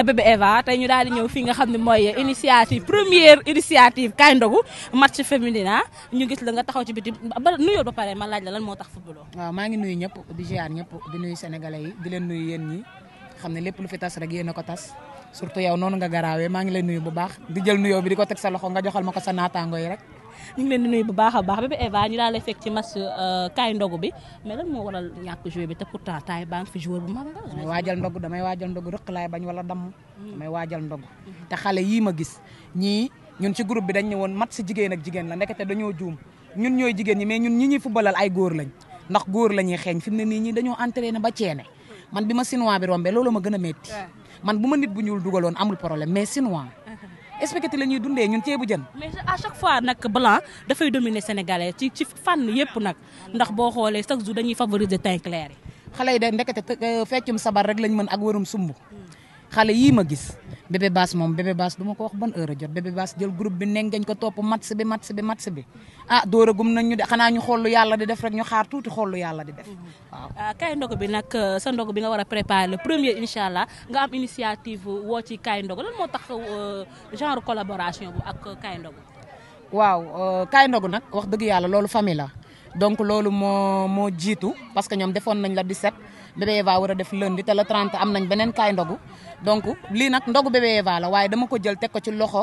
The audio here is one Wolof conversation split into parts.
bébé Eva tey ñu daal di ñëw fii nga xam ne mooy initiative première initiative kaay ndogu match féminin ah. ñu gis la nga taxaw ci biti ba nuyoo ba pare ma laaj la lan moo tax footballoo. maa ngi nuyu ñëpp di ziar ñëpp di nuyu sénégalais yi di leen nuyu yéen ñi xam ne lépp lu fi tas rek a ko tas surtout yow nga garaawee maa ngi lay nuyu bu baax di jël nuyoo bi di ko teg sa loxo nga joxal ma ko sa naataango yi rek. ñu leen di nuyu bu baax baax bébé Eva ñu daal lay fekk ci match euh, kaay ndogu bi mais lan moo waral ñàkk joué bi te pourtant temps yi baa ngi fi joueur waajal ndogu damay waajal ndogu rëq laay bañ wala damm. Hmm. damay waajal ndogu. Hmm. te xale yii ma gis ñii ñun ci bi dañ ne woon match jigéen ak jigéen la ndekete dañoo juum ñun ñooy jigéen ñi mais ñun ñi ñuy fubalal ay góor lañ ndax góor la ñuy xeeñ fi mu ne nii ñii dañoo entraîné ba ceene man bi ma sinois bi rombee loolu ma gën a metti man bu ma nit bu ñuul dugaloon amul problème mais sinois spaghetti la ñuy dundee ñun ceebu jën. mais à chaque fois nag blanc dafay dominer sénégalais ci ci fànn yëpp nag ndax boo xoolee chaque jour dañuy favoriser teint clair yi. xale yi de ndekete feccum sabar rek lañ mën ak wërum sumb xale yii ma gis bébé baas moom bébé baas du ma ko wax ban heure a jot bébé baas jël groupe bi neng ko topp match bi match bi match bi ah dooragum nañ ñu de xanaa ñu xool lu yàlla di def rek ñu xaar tuuti xool lu yàlla di def waaw. Ah, kaay bi nag euh, sa ndogu bi nga war a préparer le premier incha allah nga am initiative woo ci kaay ndogu lan moo tax euh, genre collaboration bu ak euh, kaay ndogu. waaw kaay ndogu nag wax dëgg yàlla loolu famille la donc loolu moo moo jiitu parce que ñoom defoon nañ la 17. bébé Eva war a def lundi te le 30 am nañ beneen kaay ndogu donc lii nag ndogu bébé Eva la waaye dama ko jël teg ko ci loxo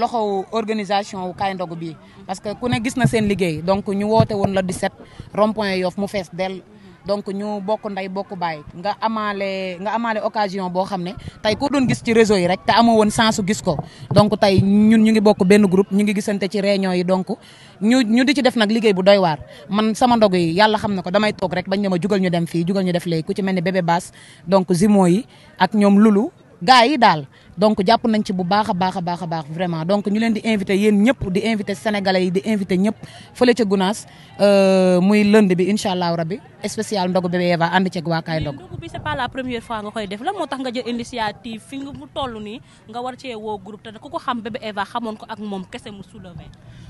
loxo organisation wu kaay ndogu bii parce que ku ne gis na seen liggéey donc ñu woote woon la 17 rond point Yoff mu fees dell donc ñu bokk ndey bokk baay nga amaale nga amaale occasion boo xam ne tey ko doon gis ci réseau yi rek te amoo woon sensu gis ko donc tey ñun ñu ngi bokk benn groupe ñu ngi gisante ci réunion yi donc ñu ñu di ci def nag liggéey bu doy waar man sama ndog yi yàlla xam na ko damay toog rek bañ ne ma jugal ñu dem fii jugal ñu def léegi ku ci mel ni bébé baas donc zimo yi ak ñoom lulu gaa yi daal donc jàpp nañ ci bu baax baax a baax a vraiment donc ñu leen di invité yéen ñëpp di invité sénégalais yi di invité ñëpp fële ca Gunaas euh, muy lënd bi incha allahu rabi spécial ndogu bébé Eva ànd ceeg waa Kaay Ndog. ndogu bi c'est la première fois nga koy def lan moo tax nga jël toll nii nga cee woo groupe te ku ko xam bébé Eva xamoon ko ak moom kese mu soulevé.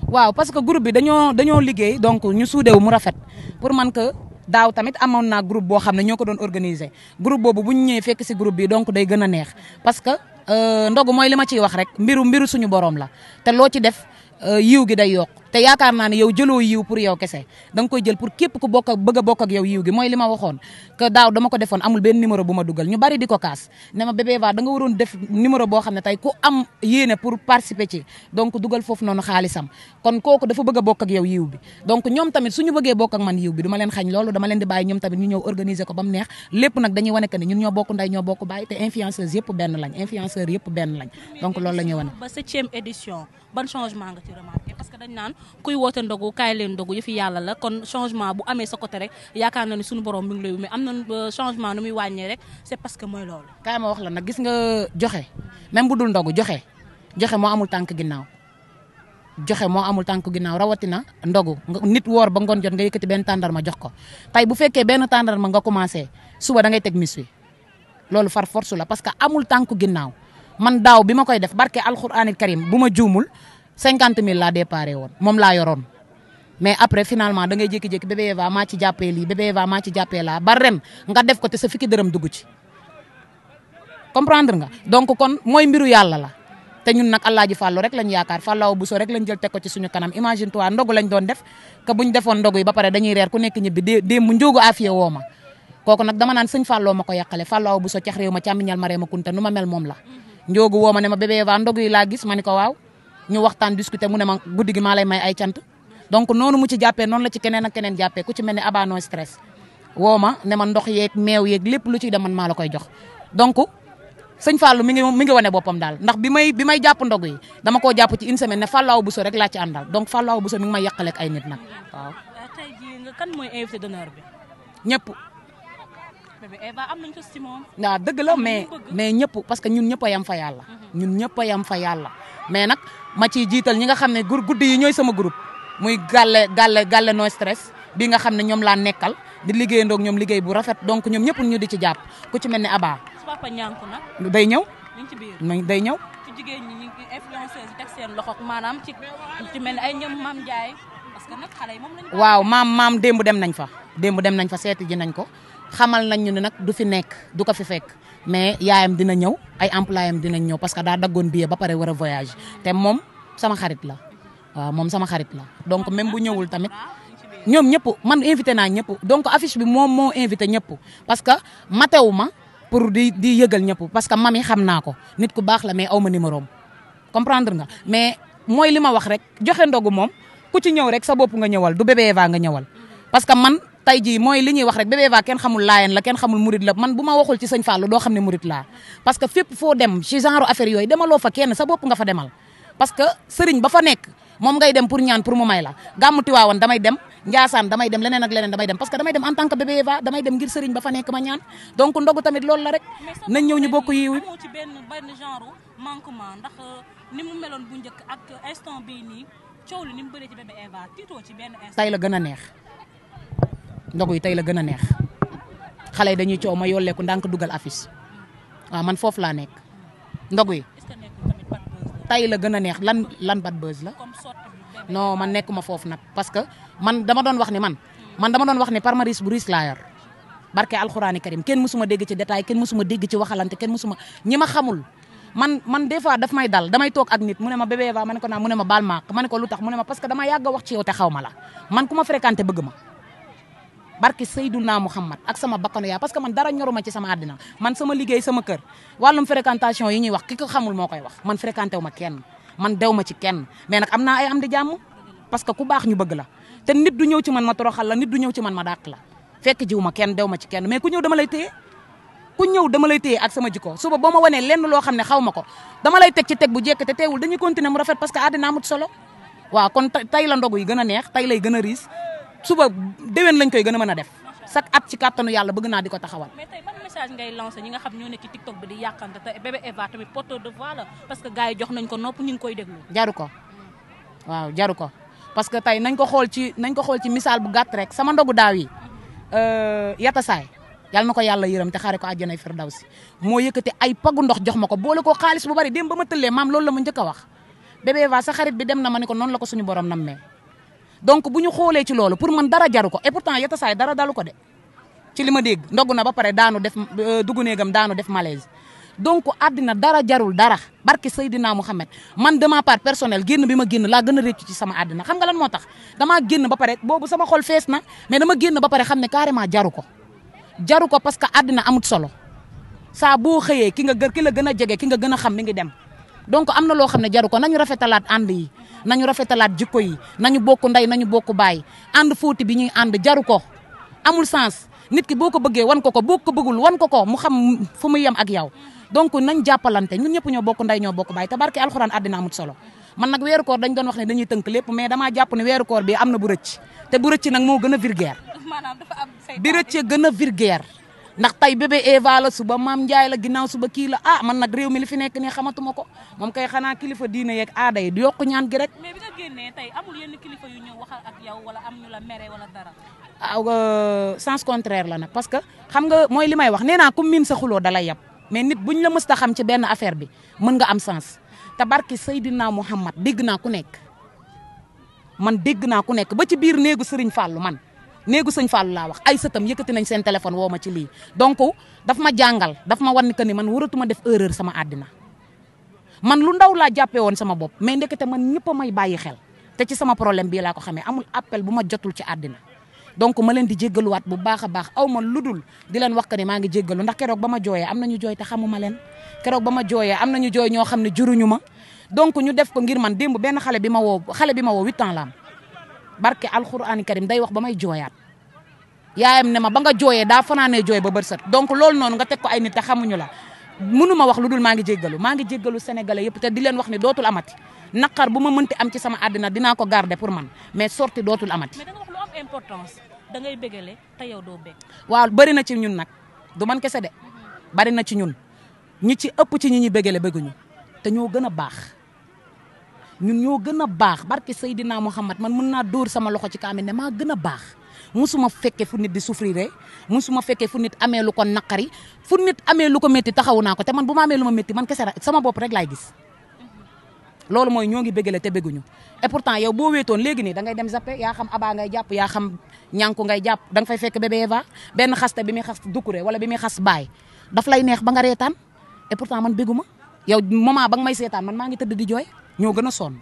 waaw parce que groupe bi dañoo dañoo liggéey donc ñu suudeewu mu rafet pour man que. daaw tamit amoon naa groupe boo xam ne ñoo ko doon organiser groupe boobu bu ñu ñëwee fekk ci groupe bi donc day gën a neex parce que Euh, ndogu mooy li ma ciy wax rek mbiru mbiru suñu borom la te loo ci def Euh, yiw gi day yokk te yaakaar naa ne yow jëloo yiw pour yow kese da koy jël pour képp ku bokk ak bëgg a bokk ak yow yiw gi mooy li ma waxoon que daaw dama ko defoon amul benn numéro boo xam ne tey ku am yéene pour participer ci donc dugal foofu noonu xaalisam kon kooku dafa bëgg a bokk ak yow yiw bi donc ñoom tamit suñu bëggee bokk ak man yiw bi du leen xañ loolu dama leen di bàyyi ñoom tamit ñu ñëw organiser ko ba mu neex lépp nag dañuy wane que ne ñun ñoo ci parce que dañ naan kuy woote ndogu kaay leen ndogu yëfi yàlla la kon changement bu amee sa côté rek yaakaar na ni suñu borom mi ngi lay na euh, changement wàññee rek c'est parce que mooy loolu. kaay ma la nag gis nga joxe même bu dul ndogu joxe joxe moo amul tànk ginnaaw joxe moo amul tànk ginnaaw rawatina ndogu nit woor ba ngoon jot nga yëkkati benn tàndarma jox ko tey bu fekkee benn tàndarma nga commencé suba da ngay teg mis loolu far force la parce que amul tànk ginnaaw man daaw bi ma koy def barke alxuraanil karim bu ma juumul cinquante mille laa déparé woon moom laa yoroon mais après finalement da ngay jékki-jékki bébé Eva maa ci jàppee lii bébé Eva maa ci jàppee laa ba ren nga def ko te sa fukki dërëm dugg ci comprendre nga donc kon mooy mbiru yàlla la te ñun nag Alaaji Fàllu rek lañ yaakaar Fàllaw Buso rek lañ jël teg ko ci suñu kanam imagine toi ndogu lañ doon def que buñ defoon ndogu yi ba pare dañuy reer ku nekk ñibbi dé dé mu woo ma kooku nag dama naan sëñ Fàlloo ma ko yàqale Fàllaw Buso cax réew ma càmmiñal ma ree ma kunta nu ma mel moom la njóogu woo ma ne ma bébé yi laa gis ma ni ko waaw ñu waxtaan discuter mu ne ma guddi gi maa lay may ay cant donc noonu mu ci jàppee noonu la ci keneen ak keneen jàppee ku ci mel ne Aba no stress woo ne ma ndox yeeg meew yeeg lépp lu ci dem man maa la koy jox donc sëñ Fallou mi ngi mi ngi wane boppam daal ndax bi may bi may jàpp ndog yi dama koo jàpp ci une semaine ne Fallou Bousso rek laa ci àndal donc Fallou Bousso mi ngi may yàqale ak ay nit nag waaw. tey kan mooy invité d'honneur bi. ñëpp. am nañ ko si dëgg la mais mais ñëpp parce que ñun ñëpp a fa yàlla. Mm-hmm. ñun ñëpp a yem fa yàlla. mais nag ma ci jiital ñi nga xam ne gur guddi yi ñooy sama groupe muy gàlle gàlle gàlle no stress bi nga xam ne ñoom laa nekkal di liggéeyandoog ñoom liggéey bu rafet donc ñoom ñëpp ñu di ci jàpp ku ci mel ne Aba. papa ñànku day ñëw. ci biir day ñëw. ci loxo maanaam ci ci mel ne ay ñoom maam yi waaw maam maam démb dem nañ fa. démb dem nañ fa seeti ji nañ ko xamal nañ ñu ne nag du fi nekk du ko fi fekk mais yaayam dina ñëw ay employé am dinañ ñëw parce que daa daggoon billet ba pare war a voyage te moom sama xarit la waaw moom sama xarit la donc même bu ñëwul tamit ñoom ñëpp man invité naa ñëpp donc affice bi moom moo invité ñëpp parce que matewu ma pour di di yëgal ñëpp parce que mami xam naa ko nit ku baax la mais aw ma numéro am comprendre nga mais mooy li ma wax rek joxe ndogu moom ku ci ñëw rek sa bopp nga ñëwal du bébé Eva nga ñëwal parce que man tey ji mooy li ñuy wax rek bébé Eva kenn xamul laayen la kenn xamul murit la man bu ma waxul ci sëñ Fallou doo xam ne murit laa parce que fépp foo dem ci genre affaire yooyu demaloo fa kenn sa bopp nga fa demal parce que sëriñ ba fa nekk moom ngay dem pour ñaan pour mu may la gàmmu Tiwaawan damay dem Njaasaan damay dem leneen ak leneen damay dem parce que damay dem en tant que bébé Eva damay dem ngir sëriñ ba fa nekk ma ñaan donc ndogu tamit loolu la rek nañ ñëw ñu bokk yiw ci benn euh, njëkk ak instant bii nii coow li ni mu bëree ci bébé Eva benn instant la gën a neex ndogu yi tey la gën a neex xale yi dañuy coow ma yolleeku ndànk dugal affiche waaw man foofu laa nekk ndogu yi tey la gën a neex lan lan bad buzz la non man nekkuma foofu nag parce que man dama doon wax ni man man dama doon wax ni parmaris bu riis laa barke alxuraani karim kenn mësuma dégg ci détail kenn waxalante kenn mësuma ñi ma xamul man man des daf may dal damay toog ak nit mu ne ma bébé Eva ma ko naa mu ne ma baal ma ma ko lu tax mu ne ma parce que dama yàgg wax ci yow te xaw la man ku ma fréquenté bëgg ma barki Seydouna Muhammad ak sama bakkanu yaa parce que man dara ñoruma ci sama àddina man sama liggéey sama kër wàllum fréquentation yi ñuy wax ki ko xamul moo koy wax man fréquenté wu ma kenn man dew ma ci kenn mais nag am naa ay am jàmm parce que ku baax ñu bëgg la te nit du ñëw ci man ma toroxal la nit du ñëw ci man ma dàq la fekk jiw ma kenn dew ma ci kenn mais ku ñëw dama lay téye ku ñëw dama lay ak sama jikko suba boo ma wanee lenn loo xam ne xaw ma ko dama lay teg teg bu jekk te teewul dañuy continuer mu rafet parce que àddina amut solo waaw kon tey la ndogu yi gën a neex tey lay gën a riis suba déwén lañ koy gën a mën a def chaque at ci kàttanu yàlla bëgg naa di ko taxawal. mais tey ban message ñi nga xam ñoo nekk ci TikTok di yàqante te bébé Eva tamit porteur de voix la parce que gars yi jox nañ ko nopp ñu koy déglu. jaru ko waaw jaru ko parce que tey nañ ko xool ci nañ ko xool ci misaal bu gàtt rek sama ndogu daaw yi euh, yatasaay yàlla na ko yàlla yërëm te xaare ko àjjanay si moo yëkkate ay pagu ndox jox ma ko boole ko xaalis bu bari dem ba ma tëllee maam loolu la ma njëkk wax bébé Eva sa xarit bi dem na ma ne ko noonu la ko suñu borom nammee donc bu ñu xoolee ci loolu pour man dara jaru ko et pourtant yata saay dara dalu ko de ci li ma dégg ndogg na ba pare daanu def euh, dugg néegam daanu def malaise donc addina dara jarul dara barke naa Mouhamed man de par personnel personnelle génn bi ma génn laa gën a réccu ci sama addina xam nga lan moo tax damaa génn ba pare boobu sama xol fees na mais dama génn ba pare xam ne carrément jaru ko jaru ko parce que àddina amut solo saa boo xëyee ki nga gër ki la gën a jege ki nga gën a xam mi ngi dem donc am na loo xam ne jaru ko nañu rafetalaat ànd yi nañu rafetalaat jikko yi nañu bokk ndey nañu bokk baay ànd fóoti bi ñuy ànd jaru ko amul sens nit ki boo ko bëggee wan ko ko boo ko wan ko ko mu xam fu mu yem ak yow donc nañ jàppalante ñun ñëpp ñoo bokk ndey ñoo bokk baay te barke alxuraan àddina amut solo man nag weeru koor dañ doon wax ne dañuy tënk lépp mais damaa jàpp ne weeru bi am na bu rëcc te bu rëcc nag moo gën a vulgaire bi rëcc gën a vulgaire ndax tay bébé Eva la suba maam Ndiaye la ginnaaw suba kii la ah man nag réew mi li fi nekk nii xamatuma ko moom kay xanaa kilifa diine yeeg aada yi di yokku ñaan gi rek. mais bi nga génnee tey amul yenn kilifa yu ñëw waxal ak wala am ñu la mere wala dara. ah euh, contraire la nag parce que xam nga mooy li may wax nee naa ku miin sa xuloo dalay yab mais nit buñ la mës ta xam ci benn affaire bi mën nga am sens te barki Seydina Muhammad dégg naa ku nekk man dégg naa ku nekk ba ci biir néegu Serigne Fallou man. néegu sëñ Fallou laa wax ay sëtam yëkkati nañ seen téléphone woo ma ci lii donc daf ma jàngal daf ma wan ni que ni man waratuma def erreur sama addina man lu ndaw laa jàppee woon sama bopp mais ndekete man ñëpp a may bàyyi xel te ci sama problème bii laa ko xamee amul appel bu ma jotul ci àddina donc ma leen di jéggaluwaat bu baax a baax aw ma ludul di leen wax que ni maa ngi jéggalu ndax keroog ba ma jooyee am na ñu te xamuma leen keroog ba ma jooyee am na ñu ñoo xam ne juruñu ma donc ñu def ko ngir man démb benn xale bi ma woo xale bi ma woo huit ans barke alxuraani karim day wax ba may jooyaat yaayam ne ma ba nga jooyee daa fanaanee jooy ba bërsët donc loolu noonu nga teg ko ay nit te xamuñu la mënu ma wax lu dul maa ngi jéggalu maa ngi jéggalu sénégalais yëpp te di leen wax ne dootul amati naqar bu ma mënti am ci sama àddina dinaa ko garder pour man mais sorti dootul amati. mais wax lu am importance da ngay bégale te yow doo bég. waaw bëri na ci ñun nag du man kese de bari na ci ñun ñi ci ëpp ci ñi ñuy bégale béguñu te gën a baax. ñun ñoo gën a baax barke Seydina Muhammad man mën naa dóor sama loxo ci kaamil ne maa gën a baax musuma fekkee fu nit di souffrir eh. musuma fekkee fu nit amee lu ko naqari fu nit amee lu ko métti taxawu naa ko te man bu ma amee lu ma métti man kese sama bopp rek laay gis loolu mooy ñoo ngi bëggale te bëgguñu et pourtant yow boo wéetoon léegi nii da ngay dem zappe yaa xam abaa ngay jàpp yaa xam ñànku ngay jàpp da nga fay fekk bébé Eva benn xaste bi muy xas dukkure wala bi muy xas baay daf lay neex ba nga reetaan et pourtant man bëgguma yow moment ba nga may seetaan man ngi tëdd di jooy ñoo gën a sonn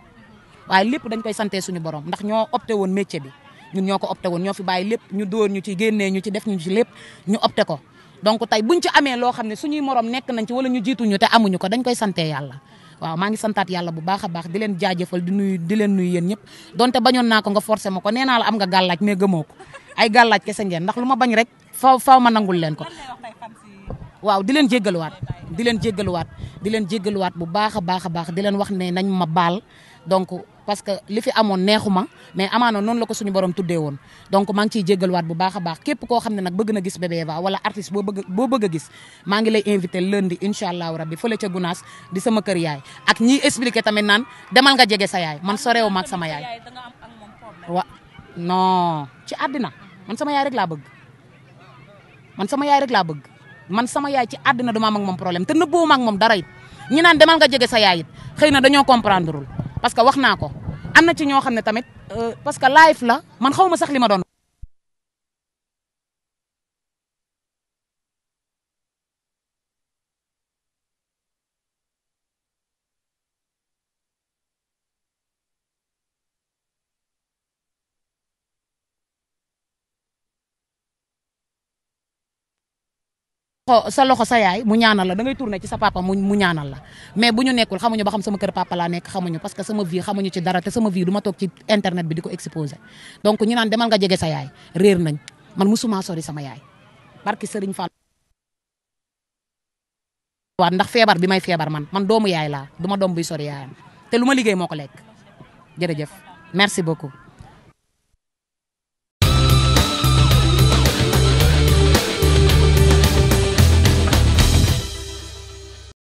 waaye lépp dañ koy sante suñu borom ndax ñoo opté woon métier bi ñun ñoo ko opté woon ñoo fi bàyyi lépp ñu dóor ñu ci génnee ñu ci def ñu ci lépp ñu opté ko donc tey buñ ci amee loo xam ne suñuy morom nekk nañ ci wala ñu jiituñu te amuñu ko dañ koy sante yàlla waaw maa ngi santaat yàlla bu baax a baax di leen jaajëfal di nuyu di leen nuyu yéen ñëpp donte bañoon naa ko nga forcé ma ko nee naa la am nga gàllaaj mais gëmoo ko ay gàllaaj kese ngeen ndax lu ma bañ rek faw faw ma nangul leen ko waaw di leen jéggaluwaat di leen jéggaluwaat di leen jéggaluwaat bu baax a baax a baax leen wax ne nañ ma baal donc parce que li fi amoon neexu ma mais amaana noonu la ko suñu borom tuddee woon donc maa ngi ciy jéggaluwaat bu baaxa a baax képp ko xam ne nag bëgg na gis Bébé Eva wala artiste boo bëgg a gis maa ngi lay invité lundi incha allahu rabbi fële ca Gunaas di sama kër yaay ak ñiy expliqué tamit naan demal nga jege sa yaay man soreewu ma ak sama yaay wa non ci àddina man sama yaay laa bëgg sama yaay laa bëgg man sama yaay ci àddina dama am ak moom problème te nëbbuwuma ak moom dara it ñi naan demal nga jege sa yaay it xëy na dañoo comprendreul parce que wax naa ko am na ci ñoo xam ne tamit euh, parce que live la man xaw ma sax li ma doon sa loxo sa yaay mu ñaanal la da ngay tourné ci sa papa mu ñaanal la mais bu ñu nekkul xamuñu ba xam sama kër papa laa nekk xamuñu parce que sama vie xamuñu ci dara te sama vie du ma toog ci internet bi di ko exposé donc ñu naan demal nga jege sa yaay réer nañ man musuma sori sama yaay barki Serigne Fall waat ndax feebar bi may feebar man man doomu yaay laa du ma doom buy sori yaayam te lu ma liggéey moo ko lekk jërëjëf merci beaucoup